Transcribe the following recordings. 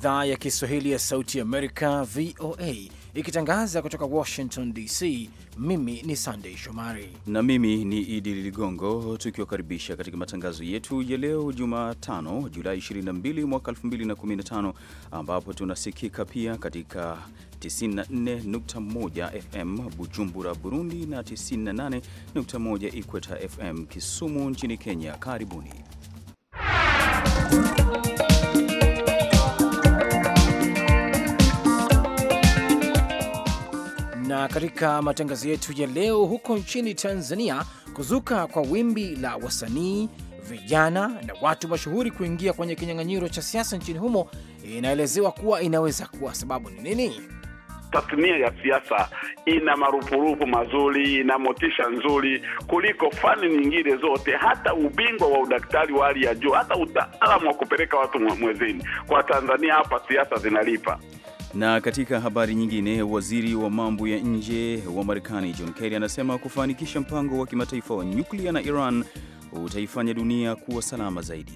idhaa ya Kiswahili ya Sauti Amerika, VOA, ikitangaza kutoka Washington DC. Mimi ni Sandei Shomari na mimi ni Idi Ligongo, tukiwakaribisha katika matangazo yetu ya leo Jumatano, Julai 22 mwaka 2015, ambapo tunasikika pia katika 94.1 FM Bujumbura, Burundi na 98.1 Ikweta FM Kisumu nchini Kenya. Karibuni Na katika matangazo yetu ya leo, huko nchini Tanzania, kuzuka kwa wimbi la wasanii vijana na watu mashuhuri kuingia kwenye kinyang'anyiro cha siasa nchini humo inaelezewa kuwa inaweza kuwa sababu ni nini? Tasnia ya siasa ina marupurupu mazuri, ina motisha nzuri kuliko fani nyingine zote, hata ubingwa wa udaktari wa hali ya juu, hata utaalamu wa kupeleka watu mwezini. Kwa Tanzania hapa siasa zinalipa. Na katika habari nyingine, waziri wa mambo ya nje wa Marekani John Kerry anasema kufanikisha mpango wa kimataifa wa nyuklia na Iran utaifanya dunia kuwa salama zaidi.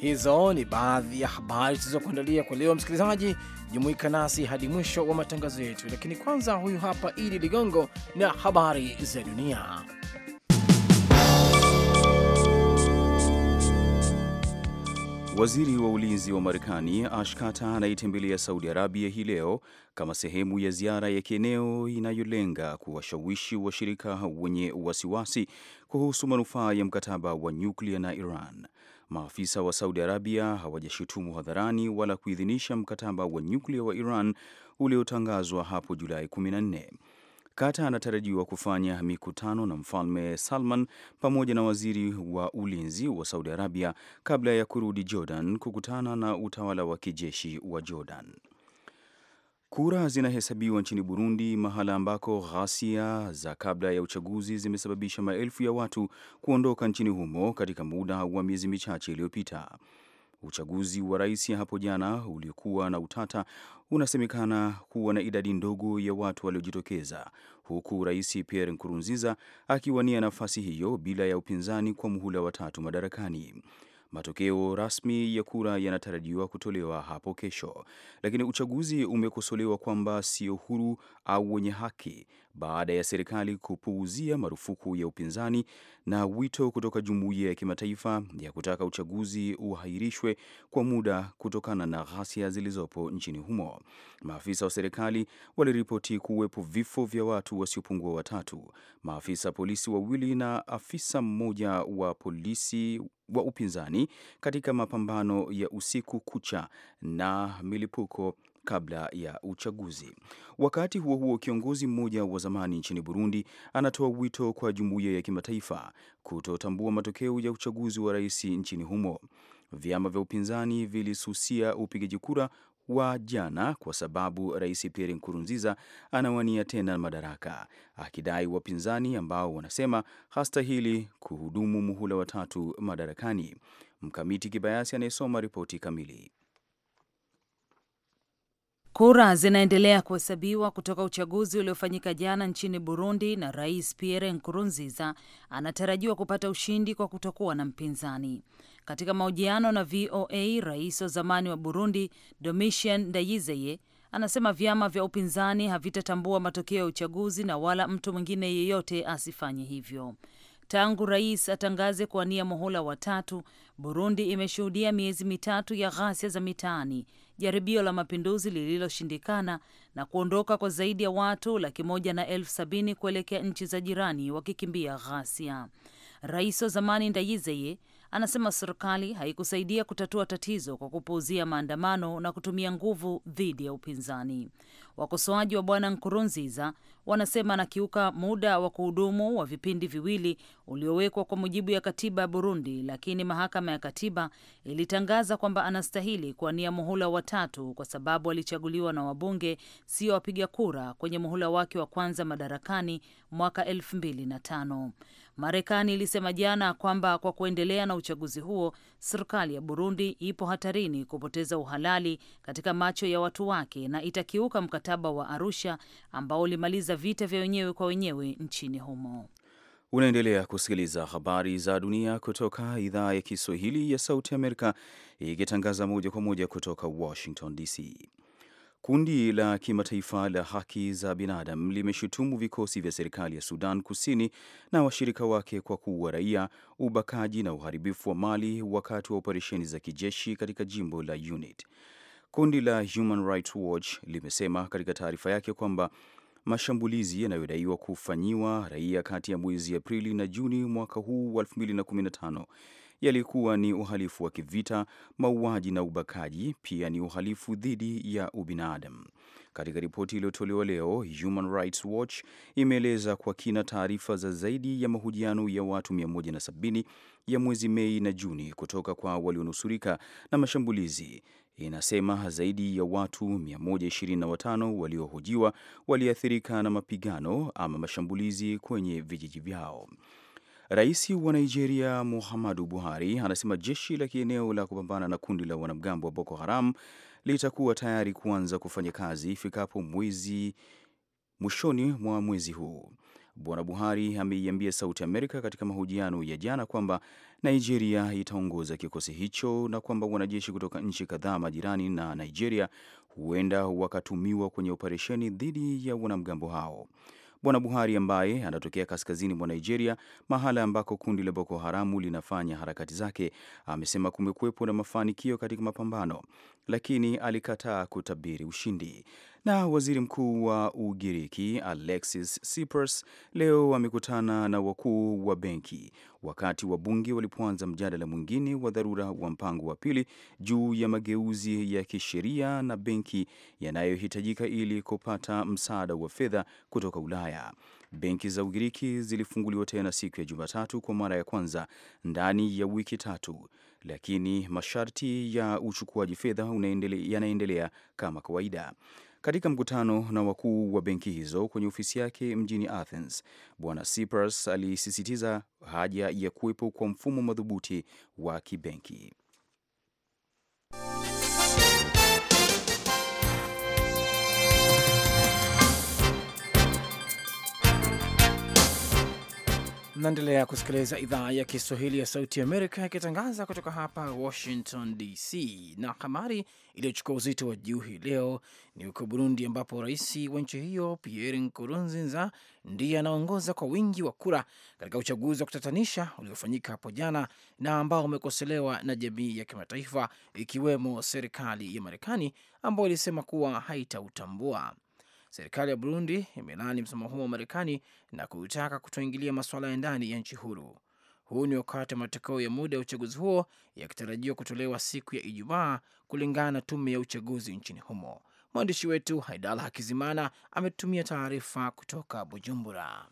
Hizo ni baadhi ya habari tulizokuandalia kwa leo. Msikilizaji, jumuika nasi hadi mwisho wa matangazo yetu, lakini kwanza, huyu hapa Idi Ligongo na habari za dunia. Waziri wa ulinzi wa Marekani Ash Carter anaitembelea Saudi Arabia hii leo kama sehemu ya ziara ya kieneo inayolenga kuwashawishi washirika wenye wasiwasi kuhusu manufaa ya mkataba wa nyuklia na Iran. Maafisa wa Saudi Arabia hawajashutumu hadharani wala kuidhinisha mkataba wa nyuklia wa Iran uliotangazwa hapo Julai 14. Kata anatarajiwa kufanya mikutano na Mfalme Salman pamoja na waziri wa ulinzi wa Saudi Arabia kabla ya kurudi Jordan kukutana na utawala wa kijeshi wa Jordan. Kura zinahesabiwa nchini Burundi, mahala ambako ghasia za kabla ya uchaguzi zimesababisha maelfu ya watu kuondoka nchini humo katika muda wa miezi michache iliyopita. Uchaguzi wa rais hapo jana uliokuwa na utata unasemekana kuwa na idadi ndogo ya watu waliojitokeza huku Rais Pierre Nkurunziza akiwania nafasi hiyo bila ya upinzani kwa muhula wa tatu madarakani. Matokeo rasmi ya kura yanatarajiwa kutolewa hapo kesho, lakini uchaguzi umekosolewa kwamba sio huru au wenye haki baada ya serikali kupuuzia marufuku ya upinzani na wito kutoka jumuiya ya kimataifa ya kutaka uchaguzi uhairishwe kwa muda kutokana na ghasia zilizopo nchini humo. Maafisa wa serikali waliripoti kuwepo vifo vya watu wasiopungua watatu, maafisa polisi wawili na afisa mmoja wa polisi wa upinzani katika mapambano ya usiku kucha na milipuko kabla ya uchaguzi. Wakati huo huo, kiongozi mmoja wa zamani nchini Burundi anatoa wito kwa jumuiya ya kimataifa kutotambua matokeo ya uchaguzi wa rais nchini humo. Vyama vya upinzani vilisusia upigaji kura wa jana kwa sababu Rais Pierre Nkurunziza anawania tena madaraka, akidai wapinzani ambao wanasema hastahili kuhudumu muhula watatu madarakani. Mkamiti Kibayasi anayesoma ripoti kamili. Kura zinaendelea kuhesabiwa kutoka uchaguzi uliofanyika jana nchini Burundi, na Rais Pierre Nkurunziza anatarajiwa kupata ushindi kwa kutokuwa na mpinzani. Katika mahojiano na VOA, rais wa zamani wa Burundi Domitien Ndayizeye anasema vyama vya upinzani havitatambua matokeo ya uchaguzi na wala mtu mwingine yeyote asifanye hivyo. Tangu rais atangaze kuwania muhula wa tatu, Burundi imeshuhudia miezi mitatu ya ghasia za mitaani, jaribio la mapinduzi lililoshindikana na kuondoka kwa zaidi ya watu laki moja na elfu sabini kuelekea nchi za jirani wakikimbia ghasia. Rais wa zamani Ndayizeye anasema serikali haikusaidia kutatua tatizo kwa kupuuzia maandamano na kutumia nguvu dhidi ya upinzani. Wakosoaji wa bwana Nkurunziza wanasema anakiuka muda wa kuhudumu wa vipindi viwili uliowekwa kwa mujibu ya katiba ya Burundi, lakini mahakama ya katiba ilitangaza kwamba anastahili kuwania muhula watatu kwa sababu alichaguliwa na wabunge, sio wapiga kura, kwenye muhula wake wa kwanza madarakani mwaka elfu mbili na tano. Marekani ilisema jana kwamba kwa kuendelea na uchaguzi huo, serikali ya Burundi ipo hatarini kupoteza uhalali katika macho ya watu wake na itakiuka mkataba wa Arusha ambao ulimaliza vita vya wenyewe kwa wenyewe nchini humo. Unaendelea kusikiliza habari za dunia kutoka idhaa ya Kiswahili ya Sauti Amerika ikitangaza moja kwa moja kutoka Washington DC. Kundi la kimataifa la haki za binadamu limeshutumu vikosi vya serikali ya Sudan Kusini na washirika wake kwa kuua raia, ubakaji na uharibifu wa mali wakati wa operesheni za kijeshi katika jimbo la unit Kundi la Human Rights Watch limesema katika taarifa yake kwamba mashambulizi yanayodaiwa kufanyiwa raia kati ya mwezi Aprili na Juni mwaka huu wa 2015 yalikuwa ni uhalifu wa kivita, mauaji na ubakaji, pia ni uhalifu dhidi ya ubinadamu. Katika ripoti iliyotolewa leo, Human Rights Watch imeeleza kwa kina taarifa za zaidi ya mahojiano ya watu 170 ya mwezi Mei na Juni kutoka kwa walionusurika na mashambulizi. Inasema zaidi ya watu 125 waliohojiwa waliathirika na mapigano ama mashambulizi kwenye vijiji vyao. Rais wa Nigeria Muhammadu Buhari anasema jeshi la kieneo la kupambana na kundi la wanamgambo wa Boko Haram litakuwa tayari kuanza kufanya kazi ifikapo mwezi mwishoni mwa mwezi huu. Bwana Buhari ameiambia Sauti Amerika katika mahojiano ya jana kwamba Nigeria itaongoza kikosi hicho na kwamba wanajeshi kutoka nchi kadhaa majirani na Nigeria huenda wakatumiwa kwenye operesheni dhidi ya wanamgambo hao. Bwana Buhari ambaye anatokea kaskazini mwa Nigeria, mahala ambako kundi la Boko Haramu linafanya harakati zake, amesema kumekuwepo na mafanikio katika mapambano, lakini alikataa kutabiri ushindi. Na waziri mkuu wa Ugiriki Alexis Tsipras leo amekutana na wakuu wa benki wakati wa bunge walipoanza mjadala mwingine wa dharura wa mpango wa pili juu ya mageuzi ya kisheria na benki yanayohitajika ili kupata msaada wa fedha kutoka Ulaya. Benki za Ugiriki zilifunguliwa tena siku ya Jumatatu kwa mara ya kwanza ndani ya wiki tatu, lakini masharti ya uchukuaji fedha yanaendelea kama kawaida. Katika mkutano na wakuu wa benki hizo kwenye ofisi yake mjini Athens, Bwana Tsipras alisisitiza haja ya kuwepo kwa mfumo madhubuti wa kibenki. Naendelea kusikiliza idhaa ya Kiswahili ya Sauti Amerika ikitangaza kutoka hapa Washington DC. Na habari iliyochukua uzito wa juu hii leo ni huko Burundi, ambapo rais wa nchi hiyo Pierre Nkurunziza ndiye anaongoza kwa wingi wa kura katika uchaguzi wa kutatanisha uliofanyika hapo jana na ambao umekosolewa na jamii ya kimataifa ikiwemo serikali ya Marekani ambayo ilisema kuwa haitautambua. Serikali ya Burundi imelaani msimamo huo wa Marekani na kuutaka kutoingilia masuala ya ndani ya nchi huru. Huu ni wakati wa matokeo ya muda ya uchaguzi huo yakitarajiwa kutolewa siku ya Ijumaa, kulingana na tume ya uchaguzi nchini humo. Mwandishi wetu Haidala Hakizimana ametumia taarifa kutoka Bujumbura.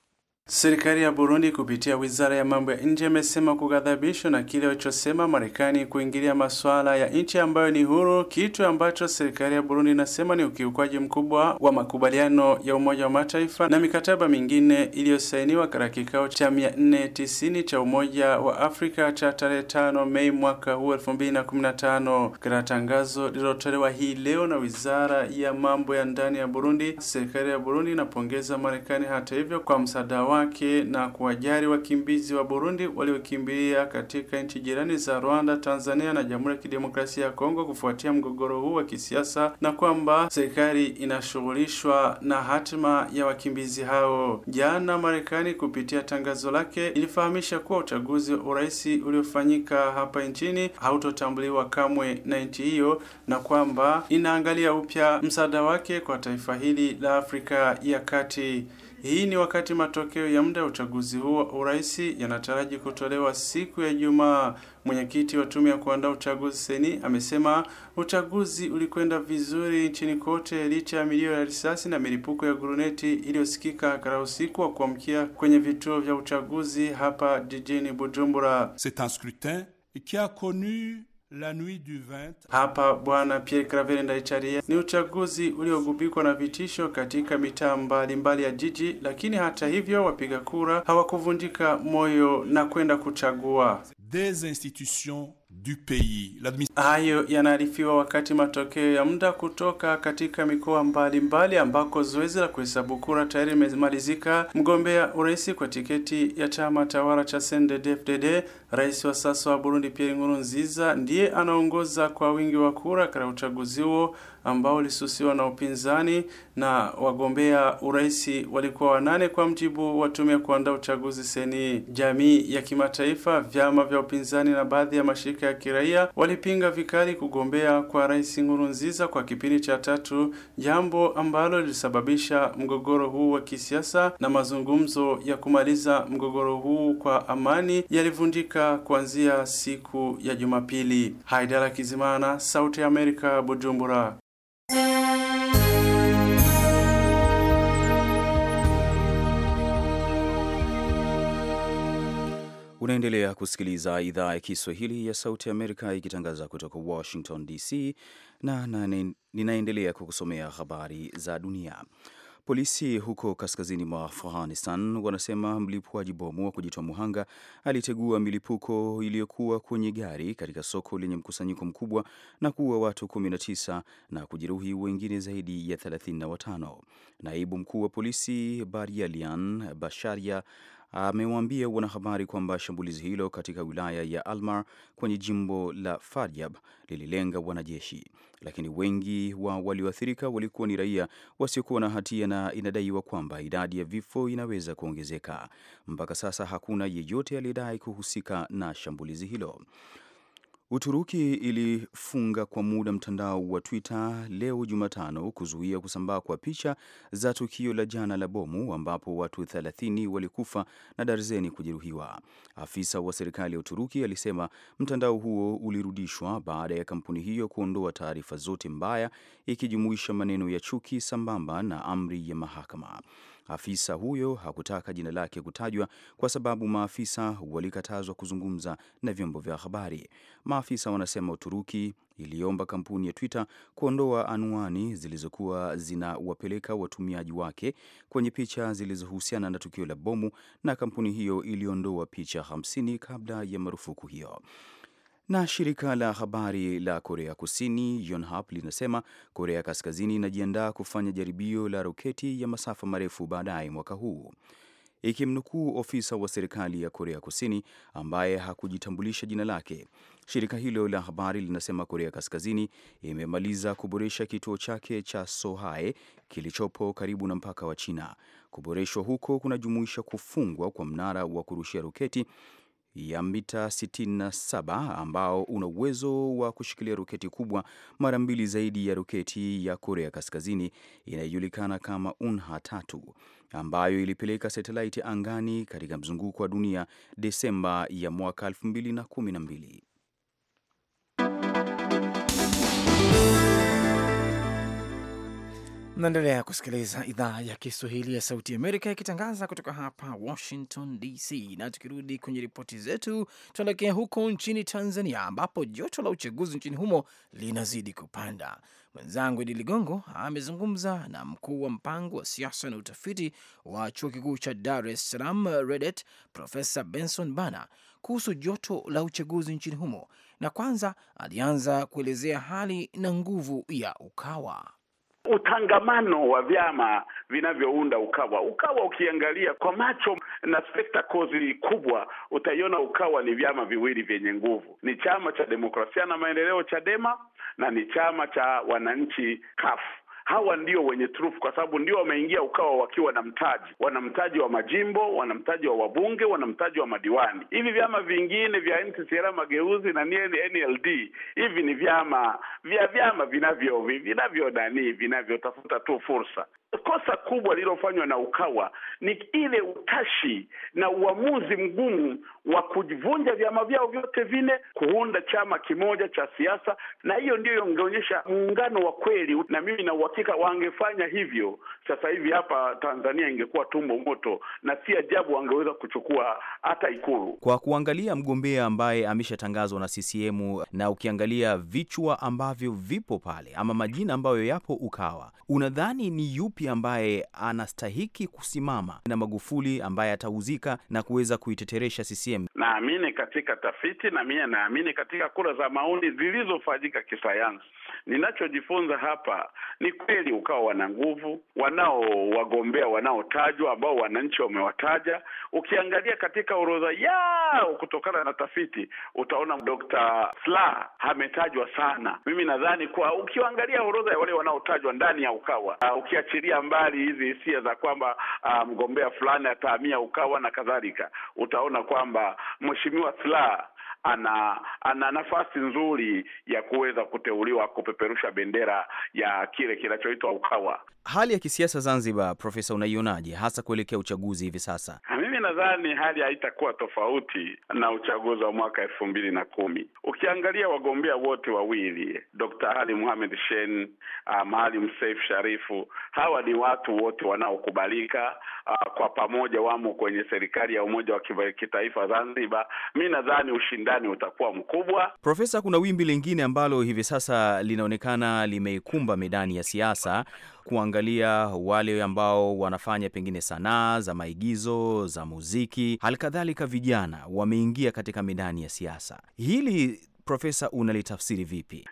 Serikali ya Burundi kupitia wizara ya mambo ya nje imesema kughadhabishwa na kile alichosema Marekani kuingilia masuala ya nchi ambayo ni huru, kitu ambacho serikali ya Burundi inasema ni ukiukwaji mkubwa wa makubaliano ya Umoja wa Mataifa na mikataba mingine iliyosainiwa katika kikao cha 490 cha Umoja wa Afrika cha tarehe 5 Mei mwaka huu 2015. Katika tangazo lililotolewa hii leo na wizara ya mambo ya ndani ya Burundi, serikali ya Burundi inapongeza Marekani hata hivyo kwa msaada wake na kuwajali wakimbizi wa Burundi waliokimbilia katika nchi jirani za Rwanda, Tanzania na Jamhuri ya Kidemokrasia ya Kongo kufuatia mgogoro huu wa kisiasa, na kwamba serikali inashughulishwa na hatima ya wakimbizi hao. Jana Marekani kupitia tangazo lake ilifahamisha kuwa uchaguzi wa urais uliofanyika hapa nchini hautotambuliwa kamwe na nchi hiyo, na kwamba inaangalia upya msaada wake kwa taifa hili la Afrika ya Kati. Hii ni wakati matokeo ya muda ya uchaguzi huo wa urais yanataraji kutolewa siku ya Jumaa. Mwenyekiti wa tume ya kuandaa uchaguzi seni amesema uchaguzi ulikwenda vizuri nchini kote licha ya milio ya risasi na milipuko ya guruneti iliyosikika katika usiku wa kuamkia kwenye vituo vya uchaguzi hapa jijini Bujumbura. C'est un scrutin qui a connu la nuit du 20. Hapa Bwana Pierre Claver ndaicharia Ni uchaguzi uliogubikwa na vitisho katika mitaa mbalimbali ya jiji, lakini hata hivyo wapiga kura hawakuvunjika moyo na kwenda kuchagua. Des institutions du pays. Hayo yanaarifiwa wakati matokeo ya muda kutoka katika mikoa mbalimbali mbali ambako zoezi la kuhesabu kura tayari limemalizika. Mgombea urais kwa tiketi ya chama tawala cha CNDD-FDD, rais wa sasa wa Burundi Pierre Nkurunziza ndiye anaongoza kwa wingi wa kura katika uchaguzi huo ambao ulisusiwa na upinzani, na wagombea urais walikuwa wanane kwa mjibu wa tume ya kuandaa uchaguzi seni. Jamii ya kimataifa, vyama vya upinzani na baadhi ya mashirika mashirika ya kiraia walipinga vikali kugombea kwa Rais Nkurunziza kwa kipindi cha tatu, jambo ambalo lilisababisha mgogoro huu wa kisiasa, na mazungumzo ya kumaliza mgogoro huu kwa amani yalivunjika kuanzia siku ya Jumapili. Haidara Kizimana, Sauti ya Amerika, Bujumbura. Unaendelea kusikiliza idhaa ya Kiswahili ya Sauti Amerika ikitangaza kutoka Washington DC na, na ninaendelea kukusomea habari za dunia. Polisi huko kaskazini mwa Afghanistan wanasema mlipuaji bomu wa kujitoa muhanga alitegua milipuko iliyokuwa kwenye gari katika soko lenye mkusanyiko mkubwa na kuua watu 19 na kujeruhi wengine zaidi ya 35. Naibu mkuu wa polisi Baryalian Basharia amewaambia wanahabari kwamba shambulizi hilo katika wilaya ya Almar kwenye jimbo la Faryab lililenga wanajeshi, lakini wengi wa walioathirika walikuwa ni raia wasiokuwa na hatia, na inadaiwa kwamba idadi ya vifo inaweza kuongezeka. Mpaka sasa hakuna yeyote aliyedai kuhusika na shambulizi hilo. Uturuki ilifunga kwa muda mtandao wa Twitter leo Jumatano kuzuia kusambaa kwa picha za tukio la jana la bomu ambapo watu 30 walikufa na darzeni kujeruhiwa. Afisa wa serikali ya Uturuki alisema mtandao huo ulirudishwa baada ya kampuni hiyo kuondoa taarifa zote mbaya ikijumuisha maneno ya chuki sambamba na amri ya mahakama. Afisa huyo hakutaka jina lake kutajwa kwa sababu maafisa walikatazwa kuzungumza na vyombo vya habari. Maafisa wanasema Uturuki iliomba kampuni ya Twitter kuondoa anwani zilizokuwa zinawapeleka watumiaji wake kwenye picha zilizohusiana na tukio la bomu, na kampuni hiyo iliondoa picha 50 kabla ya marufuku hiyo. Na shirika la habari la Korea Kusini Yonhap linasema Korea Kaskazini inajiandaa kufanya jaribio la roketi ya masafa marefu baadaye mwaka huu, ikimnukuu ofisa wa serikali ya Korea Kusini ambaye hakujitambulisha jina lake. Shirika hilo la habari linasema Korea Kaskazini imemaliza kuboresha kituo chake cha Sohae kilichopo karibu na mpaka wa China. Kuboreshwa huko kunajumuisha kufungwa kwa mnara wa kurushia roketi ya mita 67 ambao una uwezo wa kushikilia roketi kubwa mara mbili zaidi ya roketi ya Korea Kaskazini inayojulikana kama Unha tatu ambayo ilipeleka satelaiti angani katika mzunguko wa dunia Desemba ya mwaka 2012. Naendelea kusikiliza idhaa ya Kiswahili ya Sauti Amerika ikitangaza kutoka hapa Washington DC. Na tukirudi kwenye ripoti zetu, tunaelekea huko nchini Tanzania ambapo joto la uchaguzi nchini humo linazidi kupanda. Mwenzangu Idi Ligongo amezungumza na mkuu wa mpango wa siasa na utafiti wa chuo kikuu cha Dar es Salaam REDET, Profesa Benson Bana kuhusu joto la uchaguzi nchini humo, na kwanza alianza kuelezea hali na nguvu ya Ukawa utangamano wa vyama vinavyounda Ukawa. Ukawa ukiangalia kwa macho na spectacles kubwa, utaiona Ukawa ni vyama viwili vyenye nguvu, ni chama cha demokrasia na maendeleo Chadema na ni chama cha wananchi kafu hawa ndio wenye trufu, kwa sababu ndio wameingia Ukawa wakiwa na mtaji, wana mtaji wa majimbo, wana mtaji wa wabunge, wana mtaji wa madiwani. Hivi vyama vingine vya NCCR Mageuzi na NLD hivi ni vyama vya vyama vinavyo vinavyo nani vinavyotafuta tu fursa. Kosa kubwa lililofanywa na Ukawa ni ile utashi na uamuzi mgumu wa kuvunja vyama vyao vyote vine kuunda chama kimoja cha siasa, na hiyo ndiyo ingeonyesha muungano wa kweli, na mimi na uhakika wangefanya hivyo, sasa hivi hapa Tanzania ingekuwa tumbo moto, na si ajabu wangeweza kuchukua hata Ikulu. Kwa kuangalia mgombea ambaye ameshatangazwa na CCM na ukiangalia vichwa ambavyo vipo pale ama majina ambayo yapo Ukawa, unadhani ni yupi ambaye anastahiki kusimama na Magufuli ambaye atauzika na kuweza kuiteteresha CCM CCM? Naamini katika tafiti na mie naamini katika kura za maoni zilizofanyika kisayansi. Ninachojifunza hapa ni kweli UKAWA wana nguvu, wanaowagombea wanaotajwa, ambao wananchi wamewataja. Ukiangalia katika orodha yao kutokana na tafiti, utaona Dr. Sla ametajwa sana. Mimi nadhani kuwa ukiangalia orodha ya wale wanaotajwa ndani ya UKAWA, uh, ukiachilia mbali hizi hisia za kwamba uh, mgombea fulani atahamia UKAWA na kadhalika, utaona kwamba wa Mheshimiwa Slaa ana ana nafasi nzuri ya kuweza kuteuliwa kupeperusha bendera ya kile kinachoitwa Ukawa. Hali ya kisiasa Zanzibar, Profesa, unaionaje hasa kuelekea uchaguzi hivi sasa? Mimi nadhani hali haitakuwa tofauti na uchaguzi wa mwaka elfu mbili na kumi. Ukiangalia wagombea wote wawili, Dr. Ali Muhamed Shein, ah, Maalim Seif Sharifu, hawa ni watu wote wanaokubalika, ah, kwa pamoja wamo kwenye serikali ya umoja wa kitaifa Zanzibar. Mi nadhani ushindani ushindani utakuwa mkubwa. Profesa, kuna wimbi lingine ambalo hivi sasa linaonekana limeikumba medani ya siasa, kuangalia wale ambao wanafanya pengine sanaa za maigizo, za muziki, halikadhalika vijana wameingia katika medani ya siasa. Hili profesa, unalitafsiri vipi?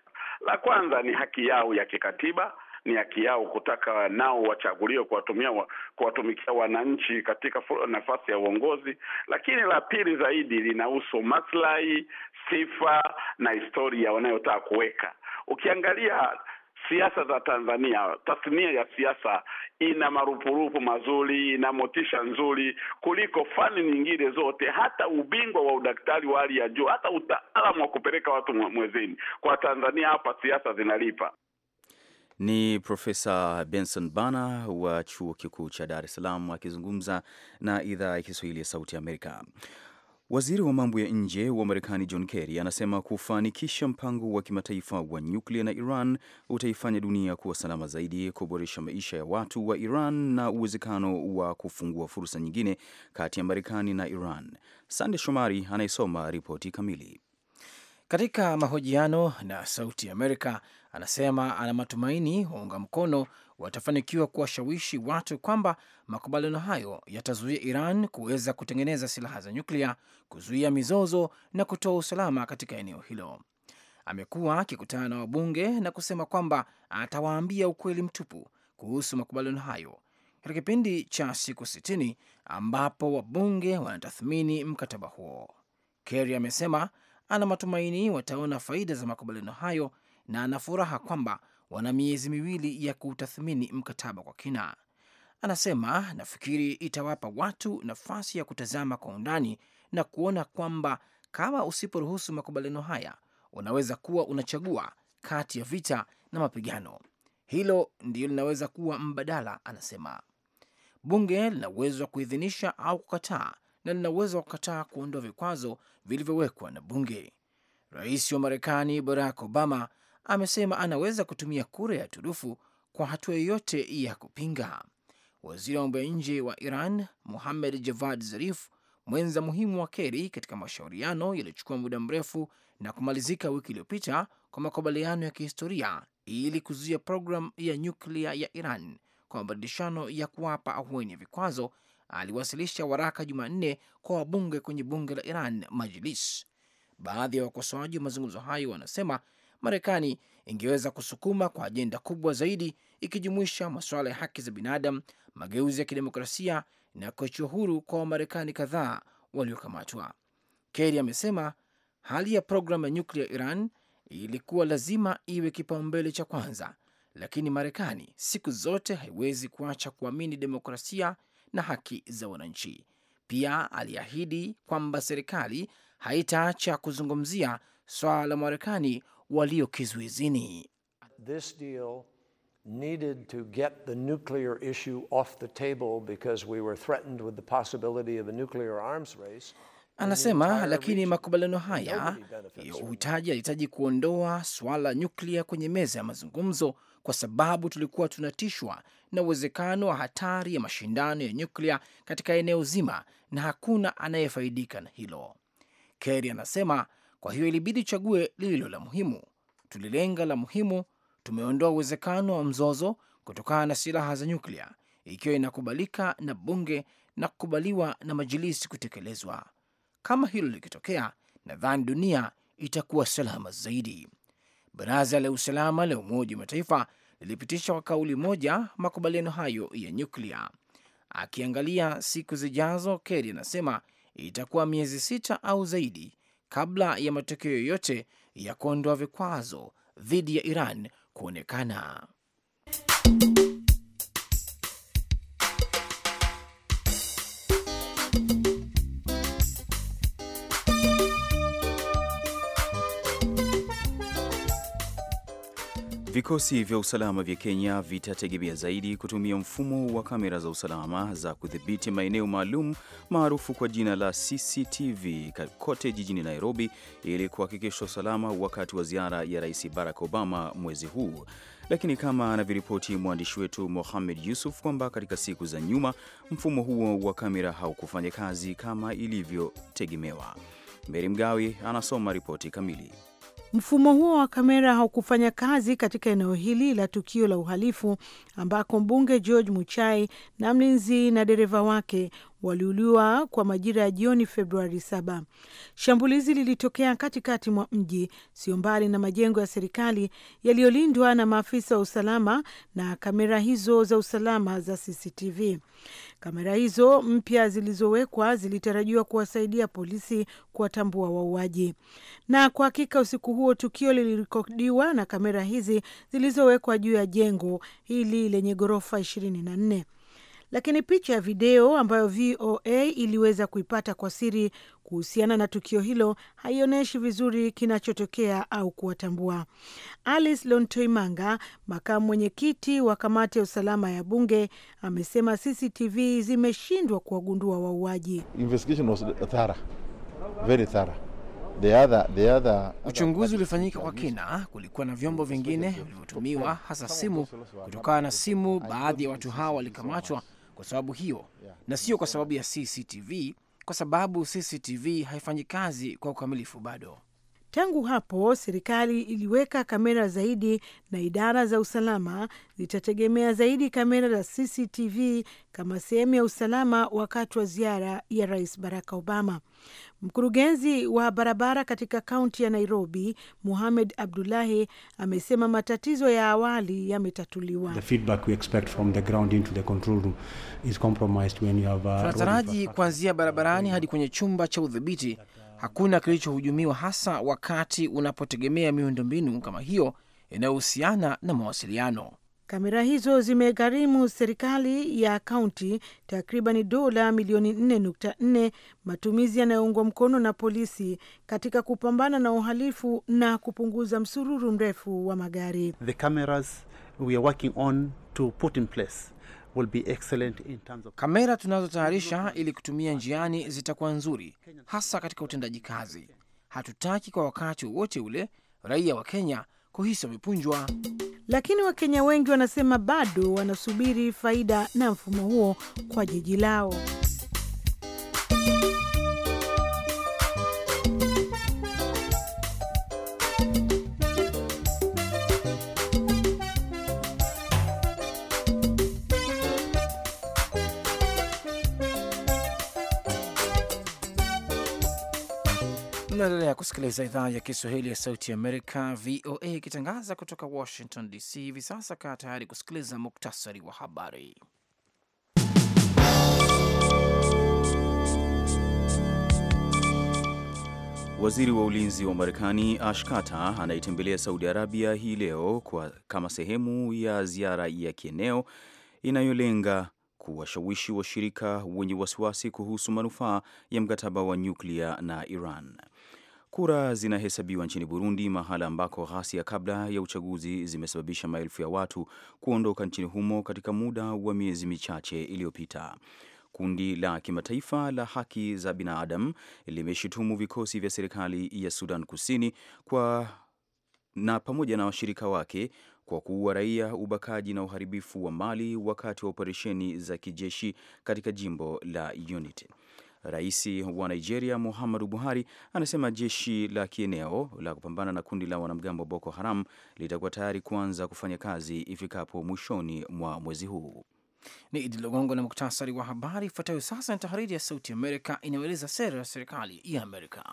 La kwanza ni haki yao ya kikatiba ni haki yao kutaka nao wachaguliwe kuwatumikia wananchi katika nafasi ya uongozi, lakini la pili zaidi linahusu maslahi, sifa na historia wanayotaka kuweka. Ukiangalia siasa za Tanzania, tasnia ya siasa ina marupurupu mazuri, ina motisha nzuri kuliko fani nyingine zote, hata ubingwa wa udaktari wa hali ya juu, hata utaalamu wa kupeleka watu mwezini. Kwa Tanzania hapa siasa zinalipa. Ni Profesa Benson Bana wa chuo kikuu cha Dar es Salaam akizungumza na idhaa ya Kiswahili ya Sauti Amerika. Waziri wa mambo ya nje wa Marekani John Kerry anasema kufanikisha mpango wa kimataifa wa nyuklia na Iran utaifanya dunia kuwa salama zaidi, kuboresha maisha ya watu wa Iran na uwezekano wa kufungua fursa nyingine kati ya Marekani na Iran. Sande Shomari anayesoma ripoti kamili. Katika mahojiano na Sauti Amerika, Anasema ana matumaini waunga mkono watafanikiwa kuwashawishi watu kwamba makubaliano hayo yatazuia Iran kuweza kutengeneza silaha za nyuklia, kuzuia mizozo na kutoa usalama katika eneo hilo. Amekuwa akikutana na wabunge na kusema kwamba atawaambia ukweli mtupu kuhusu makubaliano hayo katika kipindi cha siku sitini ambapo wabunge wanatathmini mkataba huo. Kerry amesema ana matumaini wataona faida za makubaliano hayo na ana furaha kwamba wana miezi miwili ya kutathmini mkataba kwa kina. Anasema nafikiri itawapa watu nafasi ya kutazama kwa undani na kuona kwamba kama usiporuhusu makubaliano haya, unaweza kuwa unachagua kati ya vita na mapigano. Hilo ndiyo linaweza kuwa mbadala, anasema. Bunge lina uwezo wa kuidhinisha au kukataa na lina uwezo wa kukataa kuondoa vikwazo vilivyowekwa na bunge. Rais wa Marekani Barack Obama amesema anaweza kutumia kura ya turufu kwa hatua yoyote ya kupinga. Waziri wa mambo ya nje wa Iran Muhamed Javad Zarif, mwenza muhimu wa Keri katika mashauriano yaliyochukua muda mrefu na kumalizika wiki iliyopita kwa makubaliano ya kihistoria ili kuzuia programu ya nyuklia ya Iran kwa mabadilishano ya kuwapa ahueni ya vikwazo, aliwasilisha waraka Jumanne kwa wabunge kwenye bunge la Iran, Majlis. Baadhi ya wakosoaji wa mazungumzo hayo wanasema Marekani ingeweza kusukuma kwa ajenda kubwa zaidi ikijumuisha masuala ya haki za binadamu, mageuzi ya kidemokrasia na kuachiwa huru kwa Wamarekani kadhaa waliokamatwa. Kerry amesema hali ya programu ya nyuklia Iran ilikuwa lazima iwe kipaumbele cha kwanza, lakini Marekani siku zote haiwezi kuacha kuamini demokrasia na haki za wananchi. Pia aliahidi kwamba serikali haitaacha kuzungumzia swala la Marekani walio kizuizini. This deal needed to get the nuclear issue off the table because we were threatened with the possibility of a nuclear arms race. Anasema lakini makubaliano haya uhitaji alihitaji kuondoa swala nyuklia kwenye meza ya mazungumzo, kwa sababu tulikuwa tunatishwa na uwezekano wa hatari ya mashindano ya nyuklia katika eneo zima, na hakuna anayefaidika na hilo. Kerry anasema kwa hiyo ilibidi chague lililo la muhimu. Tulilenga la muhimu, tumeondoa uwezekano wa mzozo kutokana na silaha za nyuklia, ikiwa inakubalika na bunge na kukubaliwa na majilisi kutekelezwa. Kama hilo likitokea, nadhani dunia itakuwa salama zaidi. Baraza la Usalama la Umoja wa Mataifa lilipitisha kwa kauli moja makubaliano hayo ya nyuklia. Akiangalia siku zijazo, Kerry anasema itakuwa miezi sita au zaidi kabla ya matokeo yoyote ya kuondoa vikwazo dhidi ya Iran kuonekana. Vikosi vya usalama vya Kenya vitategemea zaidi kutumia mfumo wa kamera za usalama za kudhibiti maeneo maalum maarufu kwa jina la CCTV kote jijini Nairobi ili kuhakikisha usalama wakati wa ziara ya Rais Barack Obama mwezi huu. Lakini kama anavyoripoti mwandishi wetu Mohamed Yusuf kwamba katika siku za nyuma mfumo huo wa kamera haukufanya kazi kama ilivyotegemewa. Meri Mgawi anasoma ripoti kamili. Mfumo huo wa kamera haukufanya kazi katika eneo hili la tukio la uhalifu ambako mbunge George Muchai na mlinzi na dereva wake waliuliwa kwa majira ya jioni Februari 7. Shambulizi lilitokea katikati mwa mji, sio mbali na majengo ya serikali yaliyolindwa na maafisa wa usalama na kamera hizo za usalama za CCTV. Kamera hizo mpya zilizowekwa zilitarajiwa kuwasaidia polisi kuwatambua wauaji, na kwa hakika usiku huo tukio lilirekodiwa na kamera hizi zilizowekwa juu ya jengo hili lenye ghorofa nne lakini picha ya video ambayo VOA iliweza kuipata kwa siri kuhusiana na tukio hilo haionyeshi vizuri kinachotokea au kuwatambua. Alice Lontoimanga, makamu mwenyekiti wa kamati ya usalama ya bunge, amesema CCTV zimeshindwa kuwagundua wauaji. uchunguzi ulifanyika kwa kina. Kulikuwa na vyombo vingine vilivyotumiwa, hasa simu. Kutokana na simu, baadhi ya watu hawa walikamatwa kwa sababu hiyo yeah, na sio kwa sababu ya CCTV, kwa sababu CCTV haifanyi kazi kwa ukamilifu bado. Tangu hapo serikali iliweka kamera zaidi na idara za usalama zitategemea zaidi kamera za CCTV kama sehemu ya usalama wakati wa ziara ya Rais Barack Obama. Mkurugenzi wa barabara katika kaunti ya Nairobi, Muhamed Abdullahi, amesema matatizo ya awali yametatuliwa. Tunataraji uh, kuanzia barabarani hadi kwenye chumba cha udhibiti hakuna kilichohujumiwa hasa wakati unapotegemea miundombinu kama hiyo inayohusiana na mawasiliano. Kamera hizo zimegharimu serikali ya kaunti takriban dola milioni 4.4, matumizi yanayoungwa mkono na polisi katika kupambana na uhalifu na kupunguza msururu mrefu wa magari. The cameras we are working on to put in place will be excellent in terms of... Kamera tunazotayarisha ili kutumia njiani zitakuwa nzuri, hasa katika utendaji kazi. Hatutaki kwa wakati wowote ule raia wa Kenya kuhisi wamepunjwa. Lakini Wakenya wengi wanasema bado wanasubiri faida na mfumo huo kwa jiji lao. Unaendelea kusikiliza idhaa ya Kiswahili ya Sauti Amerika, VOA, ikitangaza kutoka Washington DC. Hivi sasa kaa tayari kusikiliza muktasari wa habari. Waziri wa ulinzi wa Marekani Ash Carter anaitembelea Saudi Arabia hii leo kwa kama sehemu ya ziara ya kieneo inayolenga kuwashawishi washirika wenye wasiwasi kuhusu manufaa ya mkataba wa nyuklia na Iran. Kura zinahesabiwa nchini Burundi, mahala ambako ghasia kabla ya uchaguzi zimesababisha maelfu ya watu kuondoka nchini humo katika muda wa miezi michache iliyopita. Kundi la kimataifa la haki za binadamu limeshutumu vikosi vya serikali ya Sudan Kusini kwa na pamoja na washirika wake kwa kuua raia, ubakaji na uharibifu wa mali wakati wa operesheni za kijeshi katika jimbo la Unity. Rais wa Nigeria Muhammadu Buhari anasema jeshi la kieneo la kupambana na kundi la wanamgambo Boko Haram litakuwa tayari kuanza kufanya kazi ifikapo mwishoni mwa mwezi huu. Ni Idi logongo na muktasari wa habari. Ifuatayo sasa ni tahariri ya Sauti Amerika inayoeleza sera ya serikali ya Amerika.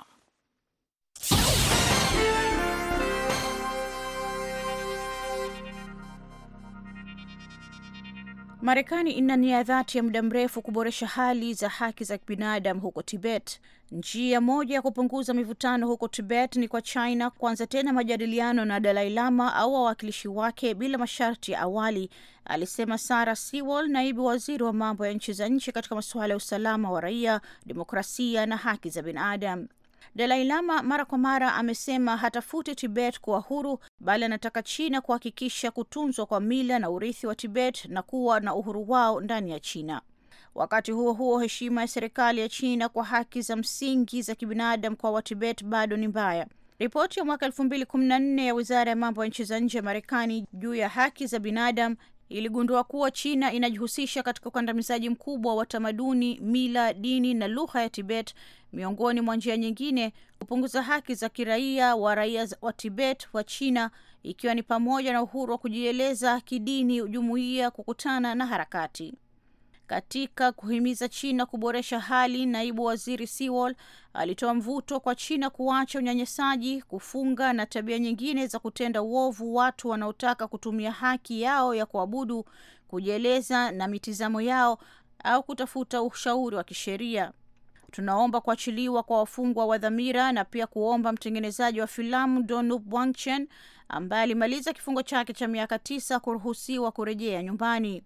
Marekani ina nia dhati ya muda mrefu kuboresha hali za haki za binadamu huko Tibet. Njia moja ya kupunguza mivutano huko Tibet ni kwa China kuanza tena majadiliano na Dalai Lama au wawakilishi wake bila masharti ya awali, alisema Sarah Sewall, naibu waziri wa mambo ya nchi za nje katika masuala ya usalama wa raia, demokrasia na haki za binadamu. Dalai Lama mara kwa mara amesema hatafuti Tibet kuwa huru, bali anataka China kuhakikisha kutunzwa kwa mila na urithi wa Tibet na kuwa na uhuru wao ndani ya China. Wakati huo huo, heshima ya serikali ya China kwa haki za msingi za kibinadamu kwa Watibet bado ni mbaya. Ripoti ya mwaka elfu mbili kumi na nne ya wizara ya mambo ya nchi za nje ya Marekani juu ya haki za binadamu iligundua kuwa China inajihusisha katika ukandamizaji mkubwa wa tamaduni, mila, dini na lugha ya Tibet, miongoni mwa njia nyingine, kupunguza haki za kiraia wa raia wa Tibet wa China, ikiwa ni pamoja na uhuru wa kujieleza kidini, jumuiya, kukutana na harakati. Katika kuhimiza China kuboresha hali, naibu waziri Sewall alitoa mvuto kwa China kuacha unyanyasaji, kufunga na tabia nyingine za kutenda uovu watu wanaotaka kutumia haki yao ya kuabudu, kujieleza na mitizamo yao au kutafuta ushauri wa kisheria. Tunaomba kuachiliwa kwa wafungwa wa dhamira na pia kuomba mtengenezaji wa filamu Donup Wangchen ambaye alimaliza kifungo chake cha miaka tisa kuruhusiwa kurejea nyumbani.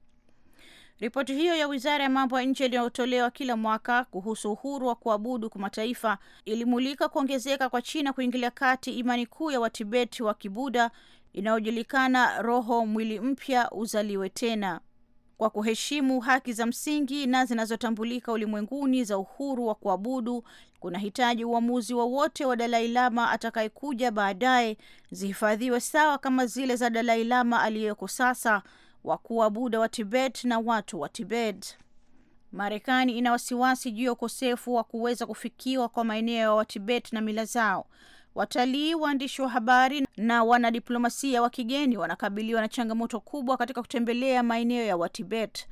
Ripoti hiyo ya wizara ya mambo ya nje inayotolewa kila mwaka kuhusu uhuru wa kuabudu kwa mataifa ilimulika kuongezeka kwa China kuingilia kati imani kuu ya Watibeti wa Kibuda inayojulikana roho mwili mpya uzaliwe tena, kwa kuheshimu haki za msingi na zinazotambulika ulimwenguni za uhuru wa kuabudu, kunahitaji uamuzi wowote wa, wa Dalai Lama atakayekuja baadaye zihifadhiwe sawa kama zile za Dalai Lama aliyeko sasa wakuu wa Buda wa Tibet na watu wa Tibet. Marekani ina wasiwasi juu ya ukosefu wa kuweza kufikiwa kwa maeneo ya Watibet na mila zao. Watalii, waandishi wa habari na wanadiplomasia wa kigeni wanakabiliwa na changamoto kubwa katika kutembelea maeneo ya Watibet.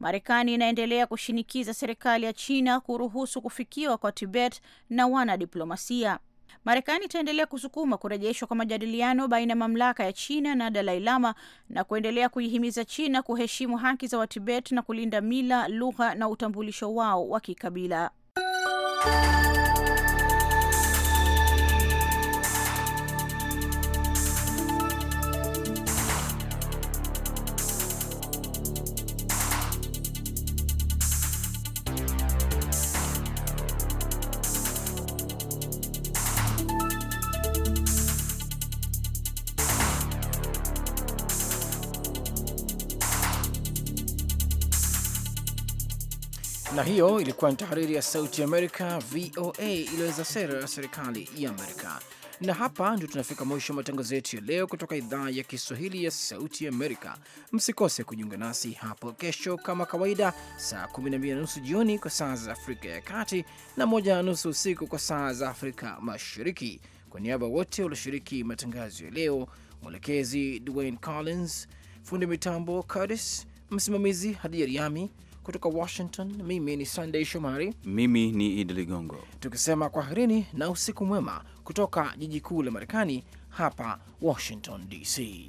Marekani inaendelea kushinikiza serikali ya China kuruhusu kufikiwa kwa Tibet na wanadiplomasia. Marekani itaendelea kusukuma kurejeshwa kwa majadiliano baina ya mamlaka ya China na Dalai Lama na kuendelea kuihimiza China kuheshimu haki za Watibet na kulinda mila, lugha na utambulisho wao wa kikabila. Na hiyo ilikuwa ni tahariri ya Sauti Amerika VOA iliyoweza sera ya serikali ya Amerika. Na hapa ndio tunafika mwisho wa matangazo yetu ya leo kutoka idhaa ya Kiswahili ya Sauti Amerika. Msikose kujiunga nasi hapo kesho kama kawaida, saa 12 na nusu jioni kwa saa za Afrika ya Kati na moja na nusu usiku kwa saa za Afrika Mashariki. Kwa niaba wote walioshiriki matangazo ya leo, mwelekezi Dwayne Collins, fundi mitambo Curtis, msimamizi Hadiya Riami. Kutoka Washington, mimi ni Sunday Shomari, mimi ni Idi Ligongo, tukisema kwaherini na usiku mwema kutoka jiji kuu la Marekani, hapa Washington DC.